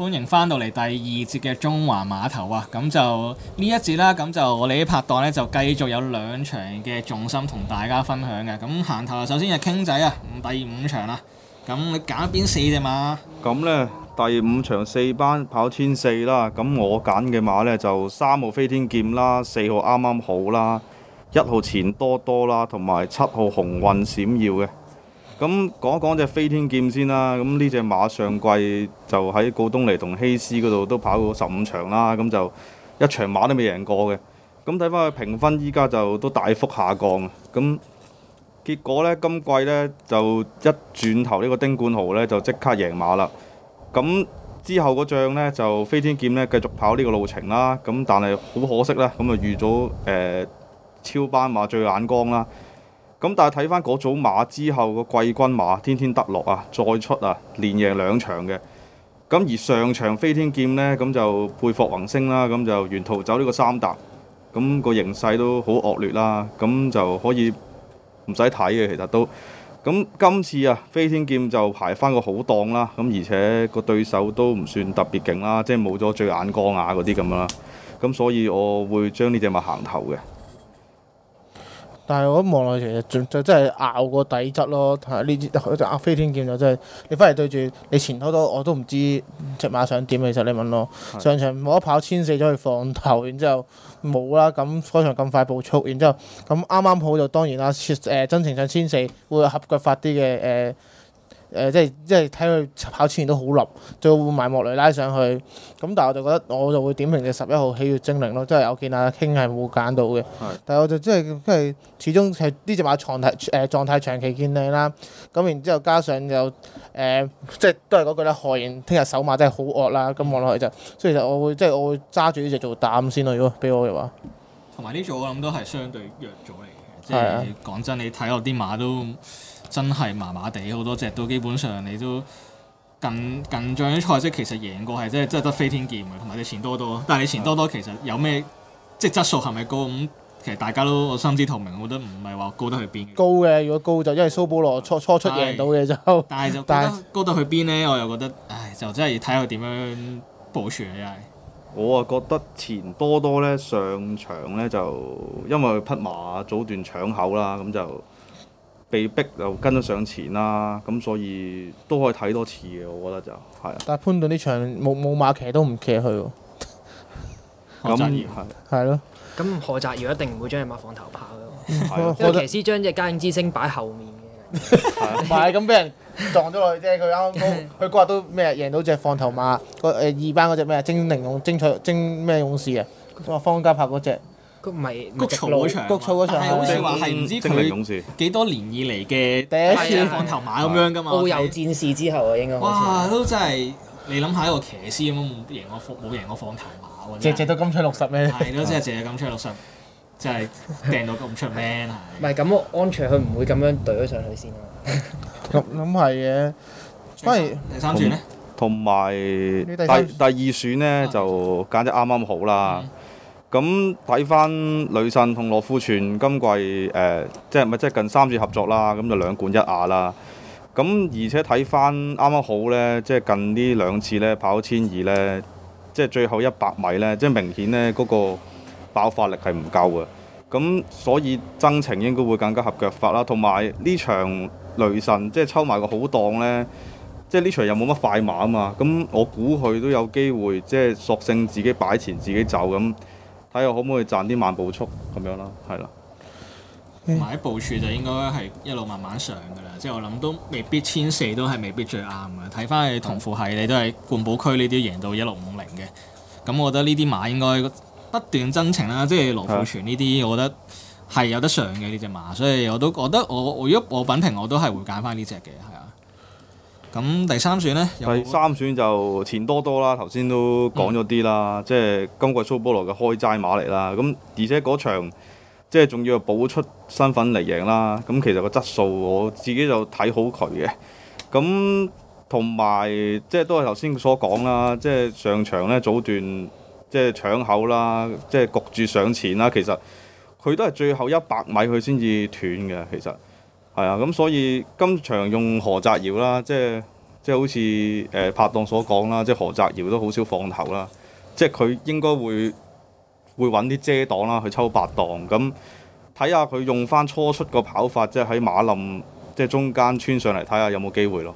歡迎返到嚟第二節嘅縱橫馬投啊！咁就呢一節啦，咁就我哋啲拍檔呢，就繼續有兩場嘅重心同大家分享嘅。咁行頭首先係 King 仔啊，第五場啦。咁你揀邊四隻馬？咁呢，第五場四班跑千四啦。咁我揀嘅馬呢，就三號飛天劍啦，四號啱啱好啦，一號錢多多啦，同埋七號紅運閃耀嘅。咁講一講隻飛天劍先啦，咁呢隻馬上季就喺告東尼同希斯嗰度都跑過十五場啦，咁就一場馬都未贏過嘅。咁睇翻佢評分，依家就都大幅下降。咁結果呢，今季呢就一轉頭呢個丁冠豪呢就即刻贏馬啦。咁之後嗰仗呢，就飛天劍呢繼續跑呢個路程啦。咁但係好可惜啦，咁啊遇咗誒、呃、超班馬最眼光啦。咁但係睇翻嗰組馬之後個季軍馬天天得落啊，再出啊，連贏兩場嘅。咁而上場飛天劍呢，咁就配霍宏星啦，咁就沿途走呢個三搭，咁個形勢都好惡劣啦，咁就可以唔使睇嘅其實都。咁今次啊，飛天劍就排翻個好檔啦，咁而且個對手都唔算特別勁啦，即係冇咗最眼光啊嗰啲咁啦。咁所以我會將呢隻馬行頭嘅。但係我一望落去其實就就真係拗個底質咯，睇呢啲就飛天劍就真係你翻嚟對住你前頭都我都唔知隻馬想點，其實你問我是的 上場冇得跑千四咗去放頭，然之後冇啦，咁嗰場咁快步速，然之後咁啱啱好就當然啦，誒真情上千四會有合腳法啲嘅誒。呃誒、呃、即係即係睇佢跑前都好立，再換埋莫雷拉上去。咁但係我就覺得我就會點評嘅十一號喜悅精靈咯，即係有見阿 King 係冇揀到嘅。是的 但係我就即係即係始終係呢隻馬狀態誒、呃、狀態長期堅定啦。咁、嗯、然之後加上又誒、呃、即係都係嗰句咧，何人聽日手馬真係好惡啦。咁望落去就所以就我會即係我會揸住呢隻做膽先咯。如果俾我嘅話，同埋呢組我諗都係相對弱組嚟嘅。即、就、係、是、講真，你睇我啲馬都。真係麻麻地，好多隻都基本上你都緊緊張啲菜式。其實贏過係真係真係得飛天劍嘅，同埋你錢多多。但係你錢多多其實有咩即係質素係咪高？咁其實大家都心知肚明，我覺得唔係話高得去邊。高嘅如果高就因為蘇保羅初初出贏到嘅就，但係就但係高得去邊呢？我又覺得，唉，就真係睇佢點樣部署。嘅真係。我啊覺得錢多多咧上場咧就因為匹馬早段搶口啦，咁就。被逼又跟咗上前啦、啊，咁所以都可以睇多次嘅，我覺得就係啊。但係潘頓呢場冇冇馬騎都唔騎佢喎。何澤堯係係咯。咁何澤堯一定唔會將隻馬放頭跑嘅， 因為騎師將隻嘉應之星擺後面嘅。唔係，咁俾人撞咗落去啫。佢啱啱佢嗰日都咩贏到隻放頭馬，個二班嗰隻咩精靈勇精彩精咩勇士啊？我、哦、方嘉柏嗰隻。谷米谷草嗰場，谷草嗰場係好似話係唔知佢幾多年以嚟嘅第一次放頭馬咁樣噶嘛？遨遊戰士之後啊，應該哇，都真係你諗下一個騎師咁樣冇贏過放冇贏過放頭馬嗰隻隻都金槍六十咩？係咯，真係隻隻都金槍六十，真係掟到咁出名啊！唔係咁，安卓佢唔會咁樣懟咗上去先啊！咁咁係嘅，反而第三選咧，同埋第第二選咧就簡直啱啱好啦。咁睇翻雷神同羅富全今季誒，即係咪即係近三次合作啦？咁就兩冠一亞啦。咁而且睇翻啱啱好呢，即係近呢兩次呢，跑千二呢，即係最後一百米呢，即係明顯呢嗰個爆發力係唔夠嘅。咁所以增程應該會更加合腳法啦。同埋呢場雷神即係抽埋個好檔呢，即係呢場又冇乜快馬啊嘛。咁我估佢都有機會，即係索性自己擺前自己走咁。睇下可唔可以賺啲慢步速咁樣啦，係啦。同埋啲步處就應該係一路慢慢上噶啦，即係我諗都未必千四都係未必最啱嘅。睇翻你同富係，你都係冠寶區呢啲贏到一六五零嘅。咁我覺得呢啲馬應該不斷增程啦，即係羅富全呢啲，我覺得係有得上嘅呢隻馬，所以我都覺得我如果我品評我都係會揀翻呢隻嘅，係啊。咁第三選呢，第三選就錢多多啦，頭先都講咗啲啦，嗯、即係今季蘇波羅嘅開齋馬嚟啦。咁而且嗰場即係仲要補出身份嚟贏啦。咁其實個質素我自己就睇好佢嘅。咁同埋即係都係頭先所講啦，即係上場呢，早段即係搶口啦，即係焗住上前啦。其實佢都係最後一百米佢先至斷嘅，其實。係啊，咁所以今場用何澤堯啦，即係即係好似誒、呃、拍檔所講啦，即係何澤堯都好少放頭啦，即係佢應該會會揾啲遮擋啦，去抽八檔，咁睇下佢用翻初出個跑法，即係喺馬林即係中間穿上嚟睇下有冇機會咯。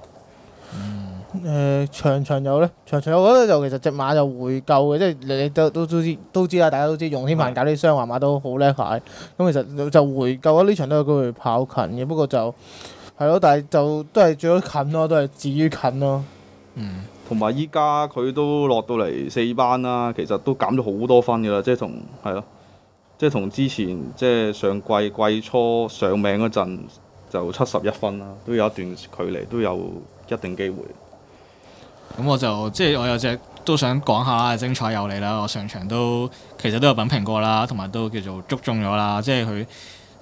誒、呃、長長有咧，長長有我覺得就其實隻馬就回購嘅，即係你都都知都知啦，大家都知容天鵬搞啲雙環馬都好叻嘅。咁其實就，就回購啊，呢場都有機會跑近嘅，不過就係咯，但係就都係最咗近咯，都係至於近咯。同埋依家佢都落到嚟四班啦，其實都減咗好多分噶啦，即係同，係咯，即係同之前，即係上季季初上名嗰陣就七十一分啦，都有一段距離，都有一定機會。咁我就即係我有隻都想講下精彩有你啦，我上場都其實都有品評過啦，同埋都叫做捉中咗啦，即係佢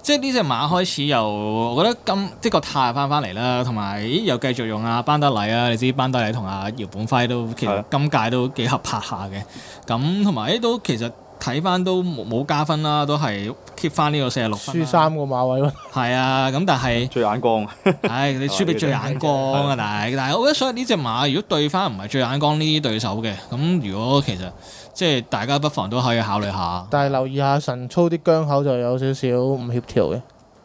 即係呢隻馬開始由我覺得今即個態翻翻嚟啦，同埋又繼續用阿班德禮啊，你知班德禮同阿姚本輝都其實今屆都幾合拍下嘅，咁同埋都其實。睇翻都冇加分啦，都係 keep 翻呢個四十六分。輸三個馬位咯。係 啊，咁但係最眼光。係、 哎、你輸畀最眼光啊！但係但係，我覺得所以呢隻馬，如果對翻唔係最眼光呢啲對手嘅，咁如果其實即係大家不妨都可以考慮下。但係留意下神操啲疆口就有少少唔協調嘅呢、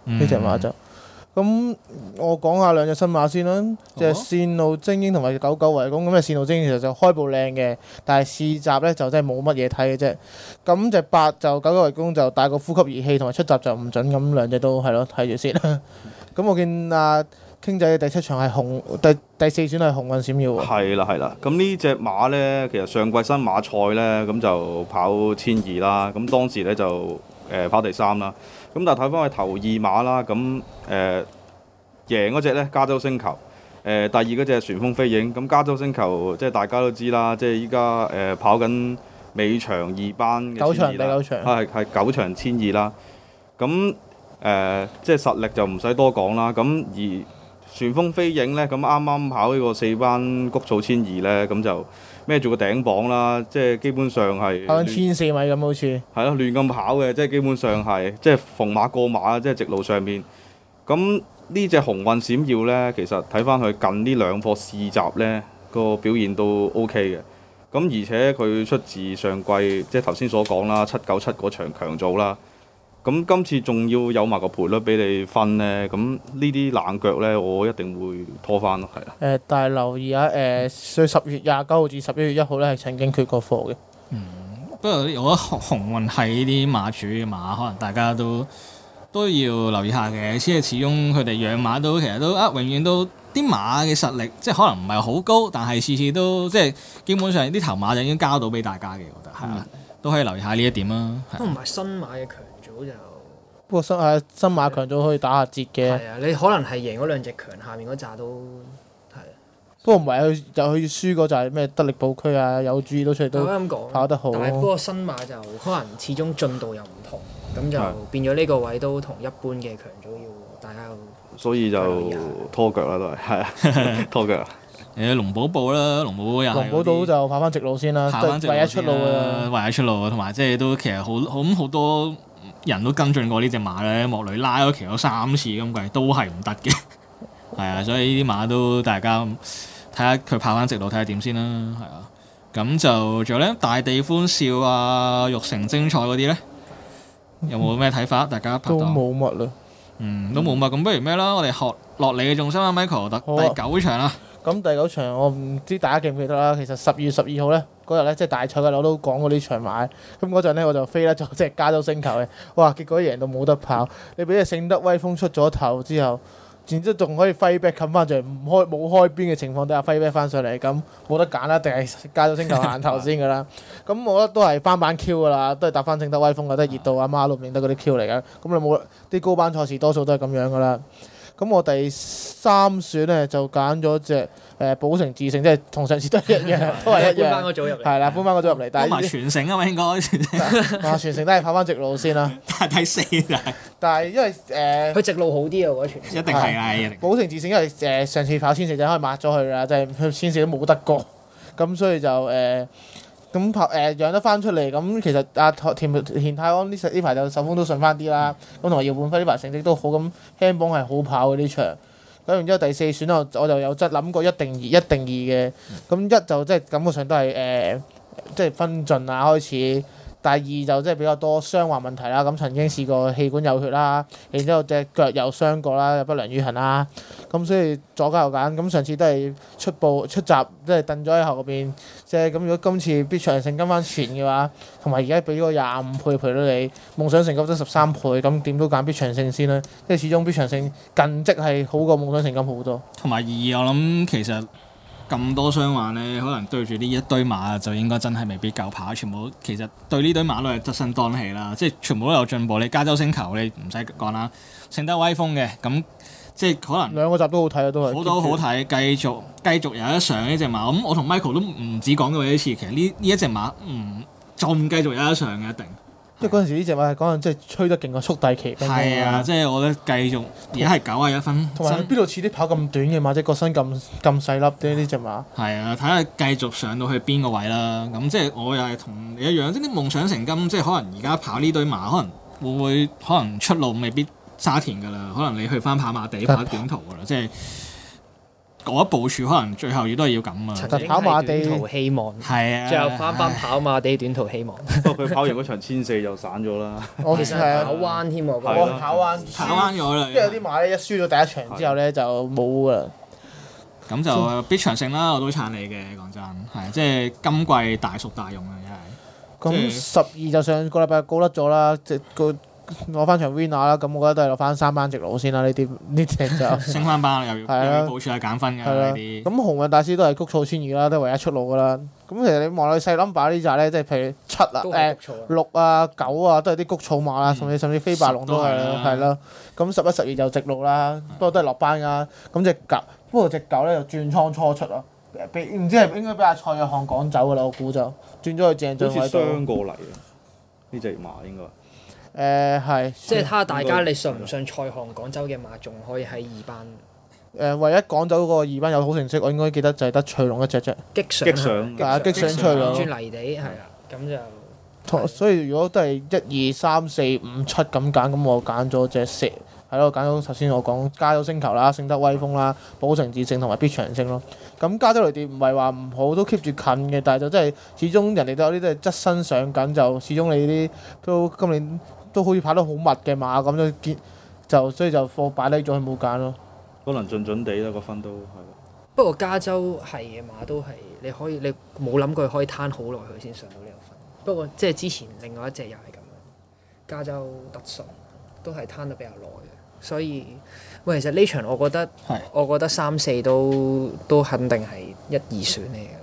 嗯、隻馬就。咁我講下兩隻新馬先啦，隻線路精英同埋狗狗圍攻咁嘅，線路精英其實就開步靚嘅，但係試閘咧就真係冇乜嘢睇嘅啫。咁隻八就狗狗圍攻就帶個呼吸儀器同埋出閘就唔準，咁兩隻都係咯，睇住先。咁 我見阿、啊、傾仔嘅第七場係紅，第第四選係紅運閃耀喎。係啦係啦。咁呢隻馬咧，其實上季新馬賽咧咁就跑千二啦，咁當時咧就。誒跑第三啦，咁但係睇翻佢頭二馬啦，咁誒、呃、贏嗰隻咧加州星球，誒、呃、第二嗰隻旋風飛影，咁加州星球即係大家都知啦，即係依家誒跑緊尾場二班嘅千二，係係九場千二啦，咁誒、呃、即係實力就唔使多講啦，咁而。旋風飛影呢，咁啱啱跑呢個四班谷草千二呢，咁就孭住個頂榜啦，即係基本上係兩、嗯、千四米咁好似。係咯，亂咁跑嘅，即係基本上係，即係逢馬過馬，即係直路上面。咁呢隻紅運閃耀呢，其實睇返佢近呢兩課市集呢個表現都 O K 嘅。咁而且佢出自上季，即係頭先所講啦，七九七嗰場強組啦。咁今次仲要有埋個賠率俾你分呢。咁呢啲冷腳咧，我一定會拖翻咯，係啦。誒、呃，但係留意下誒、呃，所以十月廿九號至十一月一號咧，係曾經缺過貨嘅、嗯。不過我覺得紅紅運喺啲馬主嘅馬，可能大家都都要留意下嘅，因為始終佢哋養馬都其實都啊，永遠都啲馬嘅實力，即係可能唔係好高，但係次次都即係基本上啲頭馬就已經交到俾大家嘅，我覺得係啊，嗯、都可以留意下呢一點啦。都唔係新馬嘅佢。就不過新新馬強組可以打下折嘅，係啊！你可能係贏嗰兩隻強下面嗰扎都係。啊、不過唔係有就去，去輸嗰扎咩得力保區啊，有主意都出嚟都。跑得好。但係不過新馬就可能始終進度又唔同，咁就變咗呢個位都同一般嘅強組要大家、啊。所以就、啊、拖腳啦，都係係拖腳。誒龍寶島啦，龍寶島又係。龍寶島就跑翻直路先啦，唯一出路啊，唯一出路啊，同埋即係都其實好好咁好多。人都跟進過隻呢隻馬咧，莫雷拉咗騎咗三次咁貴都係唔得嘅，係 啊，所以呢啲馬都大家睇下佢跑翻直路睇下點先啦，係啊，咁就仲有咧大地歡笑啊、玉成精彩嗰啲咧，有冇咩睇法？嗯、大家拍都冇乜啦，嗯，都冇乜，咁不如咩啦？我哋學落嚟嘅重心啊，Michael 得、啊、第九場啦、啊。咁第九場我唔知大家記唔記得啦，其實十二月十二號咧嗰日咧，即係大賽嘅，我都講過場呢場買。咁嗰陣咧，我就飛咧就即係加州星球嘅，哇！結果贏到冇得跑。你俾隻聖德威風出咗頭之後，然之後仲可以飛 back 冚翻場，唔開冇開邊嘅情況底下飛 back 翻上嚟，咁冇得揀啦，一定係加州星球限頭先噶啦。咁 我覺得都係翻版 Q 噶啦，都係搭翻聖德威風啊，都係熱到阿媽都唔認得嗰啲 Q 嚟噶。咁你冇啲高班賽事多數都係咁樣噶啦。咁我第三選咧就揀咗隻誒寶城智勝，即係同上次，一次 都一樣，都係一樣嗰組入嚟。係啦，搬翻嗰組入嚟，但係全城啊嘛應該。全城都係跑翻直路先啦。 但係第四，但係因為誒，佢、呃、直路好啲啊，我覺得全城。一定係啦，寶城智勝因為誒、呃、上次跑千四就可以抹咗佢啦，就係、係、佢千四都冇得過，咁 所以就誒。呃咁跑誒，養得翻出嚟，咁、嗯、其實阿、啊、田田泰安呢呢排就手風都順翻啲啦。咁同埋姚本輝呢排成績都好，咁輕磅係好跑嘅呢場，咁然之後第四選我我就有質諗過一定二一定二嘅。咁、嗯嗯嗯、一就即係感覺上都係誒、呃，即係分進啊開始。第二就即係比較多傷患問題啦，咁曾經試過氣管有血啦，然之後隻腳又傷過啦，又不良於行啦，咁所以左揀右揀。咁上次都係出步出閘，即係蹲咗喺後邊啫。咁如果今次必長勝跟翻前嘅話，同埋而家俾個廿五倍賠到你，夢想成金得十三倍，咁點都揀必長勝先啦。即係始終必長勝近績係好過夢想成金好多。同埋二，我諗其實。咁多雙環咧，可能對住呢一堆馬，就應該真係未必夠跑。全部其實對呢堆馬都係側身當氣啦，即係全部都有進步。你加州星球你唔使講啦，勝得威風嘅。咁即係可能兩個集都好睇都係好多好睇。繼續繼續有得上呢隻馬。咁、嗯、我同 Michael 都唔止講過一次，其實呢呢一隻馬唔仲、嗯、繼續有得上嘅一定。即係嗰時呢隻馬，嗰陣真係吹得勁啊！速遞騎兵。係啊，即係我覺得繼續，而家係九啊一分。同埋邊度似啲跑咁短嘅馬，即係個身咁咁細粒啲呢隻馬？係啊，睇下繼續上到去邊個位啦。咁即係我又係同你一樣，即係啲夢想成金，即係可能而家跑呢堆馬，可能會唔會可能出路未必沙田㗎啦。可能你去翻跑馬地是跑，跑短途㗎啦，即係。我一部署，可能最後亦都係要咁啊！跑馬地，短途希望，係啊，最後翻翻跑馬地短途希望。不過佢跑完嗰場千四就散咗啦。我其實係啊，好彎添喎，個跑彎，跑彎咗啦。即係有啲馬咧，一輸咗第一場之後咧，就冇噶啦。咁就必場勝啦，我都撐你嘅，講真係即係今季大熟大勇啊，真係。咁十二就上個禮拜高甩咗啦，即個。攞翻場 winner 啦，咁我覺得都係攞翻三班直落先啦。呢啲呢隻就升翻班又要，又要補充下減分㗎咁的些紅運大師都係谷草千二啦，都係唯一出路㗎啦。咁其實你望落去細 number 呢隻咧，即係譬如七啊、呃，六啊、九啊，都係啲谷草馬啦。甚至甚至飛白龍都係、嗯、啦，係啦。咁十一十二就直落啦，的不過都係落班㗎。咁隻狗，不過隻狗咧就轉倉初出咯，唔知係應該俾阿、啊、蔡約翰趕走㗎啦，我估就轉咗去鄭俊偉度。雙過嚟呢隻馬應該。應該誒係，即係睇下大家你信唔信賽項廣州嘅馬仲可以喺二班。誒、呃，唯一廣州嗰個二班有好成績，我應該記得就係得翠龍一隻啫。擊上，大家擊上翠龍。轉泥地係啦，咁就。所以、哦、如果都係一二三四五七咁揀，咁我揀咗隻石，係咯，揀咗頭先我講加州星球啦、勝德威風啦、保城志勝同埋必長勝咯。咁加州雷電唔係話唔好，都 keep 住近嘅，但係就真係始終人哋都有啲都係側身上緊，就始終你啲都今年。都可以跑得好密嘅馬咁就結，就所以就放擺低咗佢冇揀咯。可能盡準啲啦，個分都係。不過加州係嘅馬都係你可以，你冇諗過可以攤好耐佢先上到呢個分。不過即係之前另外一隻又係咁，加州特順都係攤得比較耐嘅。所以喂，其實呢場我覺得，是我覺得三四都都肯定係一二選嚟嘅啦。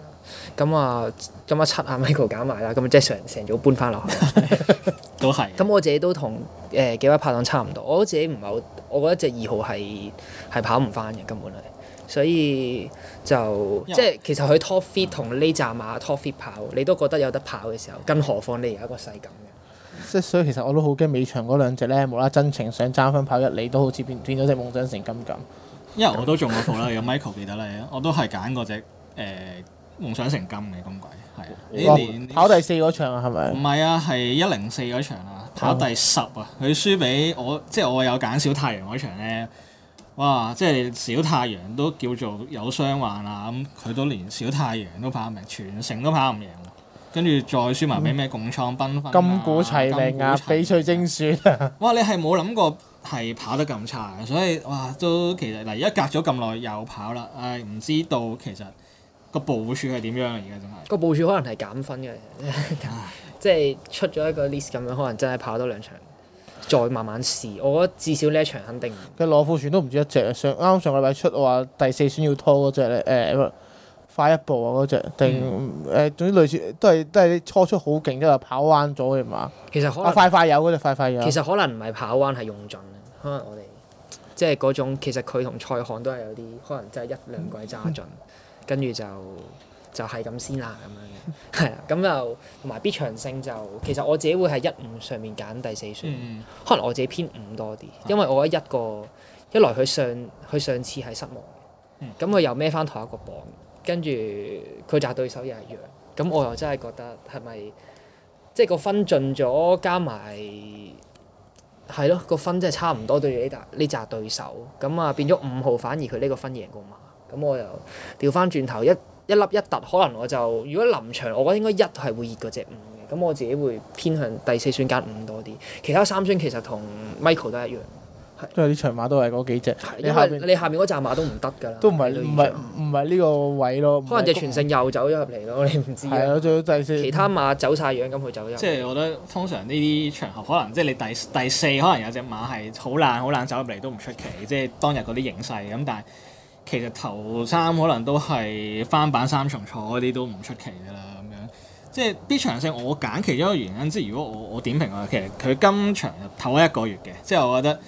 咁啊，咁啊七啊，Michael 揀埋啦，咁即係成成早搬翻落去。 都係，咁我自己都同誒、呃、幾位拍檔差唔多，我自己唔係好，我覺得隻二號係係跑唔返嘅，根本係，所以就、呃、即係其實佢 top fit 同呢紮馬 top fit 跑，你都覺得有得跑嘅時候，更何況你而家個細錦嘅，即係所以其實我都好驚尾場嗰兩隻咧，冇啦啦真情想爭分跑一，你都好似變變咗隻夢想成金咁。因為、呃、我都仲冇同啦， 有 Michael 記得嚟我都係揀嗰隻誒。呃夢想成金嘅咁鬼，係啊！你連跑第四嗰場啊，係咪？唔係啊，係一零四嗰場啊，跑第十啊，佢輸俾我，即係我有揀小太陽嗰場咧。哇！即係小太陽都叫做有傷患啊，咁佢都連小太陽都跑唔贏，全城都跑唔贏。跟住再輸埋俾咩共創繽紛、金鼓齊鳴啊！翡、啊、翠精選啊！哇！你係冇諗過係跑得咁差嘅，所以哇，都其實嗱，而家隔咗咁耐又跑啦，誒唔知道其實。步個部署係點樣啊？而家真係個部署可能係減分嘅， 即係出咗一個 list 咁樣，可能真係跑多兩場再慢慢試。我覺得至少呢一場肯定。佢羅富船都唔止一隻，剛剛上啱上個禮拜出，話第四選要拖嗰隻咧，誒、呃、快一步啊嗰隻定，誒總之類似都係都係初出好勁，之後跑彎咗係嘛？其實可能、啊、快快有嗰隻快快有。其實可能唔係跑彎係用盡，可能我哋即係嗰種。其實佢同蔡漢都係有啲可能，真係、嗯、一兩季揸盡。嗯跟住就就係咁先啦，咁樣嘅，係啊，咁就同埋必場勝就，其實我自己會係一五上面揀第四選，嗯嗯可能我自己偏五多啲，的因為我覺得一個一來佢上佢上次係失望嘅，咁佢、嗯、又孭翻同一個榜，跟住佢扎對手又係弱，咁我又真係覺得係咪即係個分盡咗加埋係咯，個分真係差唔多對住呢呢扎對手，咁啊變咗五號反而佢呢個分贏過嘛。咁我又調翻轉頭，一一粒一突，可能我就如果臨場，我覺得應該一係會熱過隻五嘅。咁我自己會偏向第四選間五多啲，其他三選其實同 Michael 都一樣，係都係啲長馬都係嗰幾隻。是你,面你下邊你下邊嗰紮馬都唔得㗎啦，都唔係唔係唔係呢個位咯。可能隻全勝又走咗入嚟咯，是的你唔知、啊、其他馬走晒樣，咁佢走咗。即係我覺得通常呢啲場合，可能即係、就是、你第第四，可能有隻馬係好爛好爛走入嚟都唔出奇，即、就、係、是、當日嗰啲形勢咁，但係。其實頭三可能都係翻版三重彩嗰啲都唔出奇嘅啦，咁樣即係必長勝我揀其中一個原因，即係如果我我點評話，其實佢今場唞一個月嘅，即係我覺得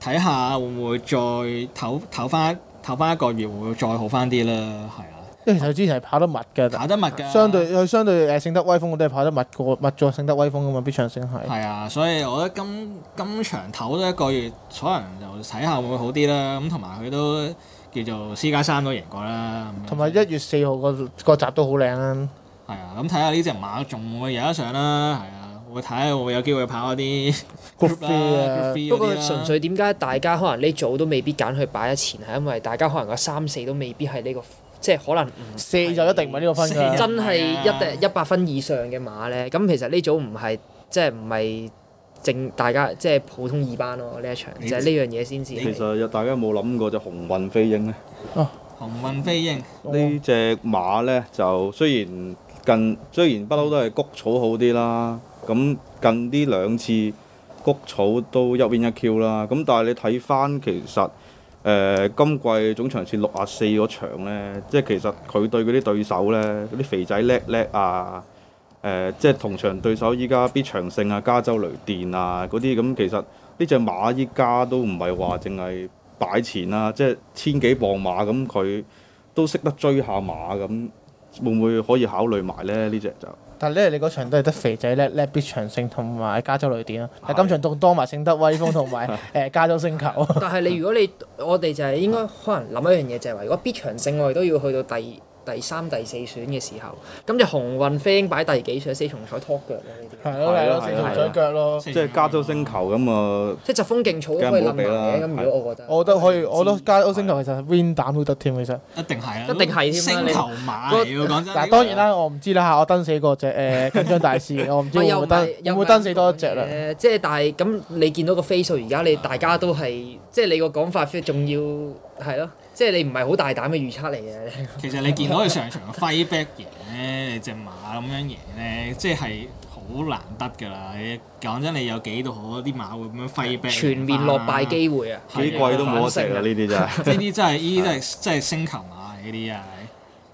睇下會唔會再唞唞翻唞翻一個月會再好翻啲啦，係啊，因為其實之前係跑得密嘅，但跑得密嘅，相對相對誒勝得威風我都係跑得密過密咗勝得威風嘅嘛，必長勝係係啊，所以我覺得今今場唞咗一個月，可能就睇下會好啲啦，咁同埋佢都。叫做私家山都贏過啦，同埋一月四號個個集都好靚啦。係啊，咁睇下呢隻馬仲會唔會贏得上啦。係啊，會睇下會唔會有機會跑嗰啲，啊。啊啊、不過純粹點解大家可能呢組都未必揀去擺喺前，係因為大家可能個三四都未必係呢、呢個，即係可能四就一定唔係呢個分。啊，真係一誒一百分以上嘅馬咧，咁其實呢組唔係即係唔係。正大家即係普通二班咯，呢一場、嗯、就係呢樣嘢先至。其實大家有冇諗過就紅、是、運飛鷹咧？哦，紅運飛鷹呢隻馬呢，就雖然近雖然不嬲都係谷草好啲啦，咁近啲兩次谷草都入邊一 Q 啦，咁但係你睇翻其實誒、呃、今季總場次六啊四個場咧，即係其實佢對嗰啲對手呢，嗰啲肥仔叻叻啊！誒、呃，即係同場對手依家必長勝啊，加州雷電啊，嗰啲咁其實呢隻馬依家都唔係話淨係擺錢啦、啊，即係千幾磅馬咁，佢都識得追下馬咁，會唔會可以考慮埋咧呢隻就？但係咧，你嗰場都係得肥仔叻叻必長勝同埋加州雷電啊，但今場仲多埋勝得威風同埋誒加州星球。 但係你如果你我哋就係應該可能諗一樣嘢就係話，如果必長勝我哋都要去到第二、第三、第四選嘅時候，咁就鴻運飛鷹擺第幾選？四重彩拖腳呢啲係咯，係咯，四重彩腳咯，即係加州星球咁啊！即係疾風勁草都可以冧埋嘅，咁，如果我覺得我覺得可以，我覺得加州星球其實 win 膽都得添，其實一定係一定係添啦。星球馬嗱，當然啦，我唔知啦嚇，我登死個隻誒緊張大師，我唔知會唔會登，會唔會登死多一隻啦？誒，即係但係咁，你見到個飛數而家，你大家都係即係你個講法飛仲要係咯？即係你唔係好大膽嘅預測嚟嘅。 其實你見到佢上場 fight back 贏咧，你隻馬咁樣贏咧，即係好難得嘅啦。講真，你有幾度好，啲馬會咁樣 fight back、啊、全面落敗機會啊？幾貴都冇得食啊！呢啲就係呢啲真係，呢啲真係，真係星球馬呢啲啊！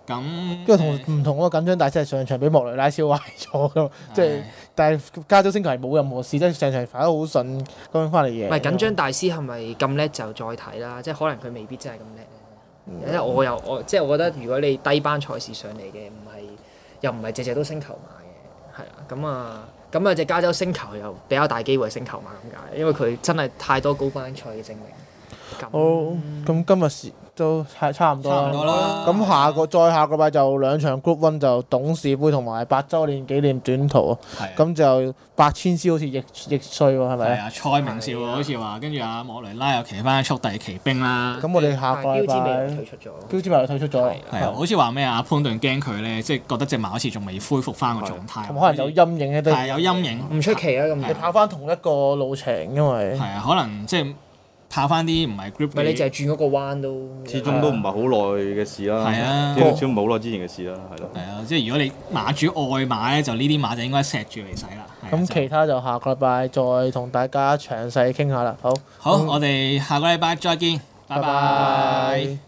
咁因為同唔同嗰個緊張大師上場俾莫雷拉笑壞咗嘅，即係對、就是。但係加州星球係冇任何事，即係成場係跑得好順，咁樣翻嚟嘅。唔係緊張大師係咪咁叻就再睇啦？即係可能佢未必真係咁叻。因為、嗯、我又我即係我覺得，如果你低班賽事上嚟嘅，唔係又唔係隻隻都星球馬嘅，係啦。咁啊咁啊隻加州星球又比較大機會星球馬咁解，因為佢真係太多高班賽嘅證明。哦，咁今日都係差唔多啦。咁下個再下個拜就兩場 group one 就董事杯同埋八周年紀念短途啊。咁就八千支好似亦亦衰喎，係咪？係啊，蔡明少好似話，跟住阿莫雷拉又騎翻速遞奇兵啦。咁我哋下個拜，標志眉退出咗。標志眉退出咗。嚟？好似話咩啊？潘頓驚佢咧，即係覺得隻馬好似仲未恢復翻個狀態。咁可能有陰影喺度。係有陰影。唔出奇啊！咁你跑翻同一個路程，因為係啊，可能即係。拍翻啲唔係 group 你淨係轉嗰個彎都，始終都唔係好耐嘅事啦。係啊，始終唔係好耐之前嘅事啦，係咯、啊。係、哦、啊，即係如果你馬主外買咧，就呢啲馬就應該錫住嚟使啦。咁其他就下個禮拜再同大家詳細傾下啦。好，好，嗯、我哋下個禮拜再見，拜拜。拜拜。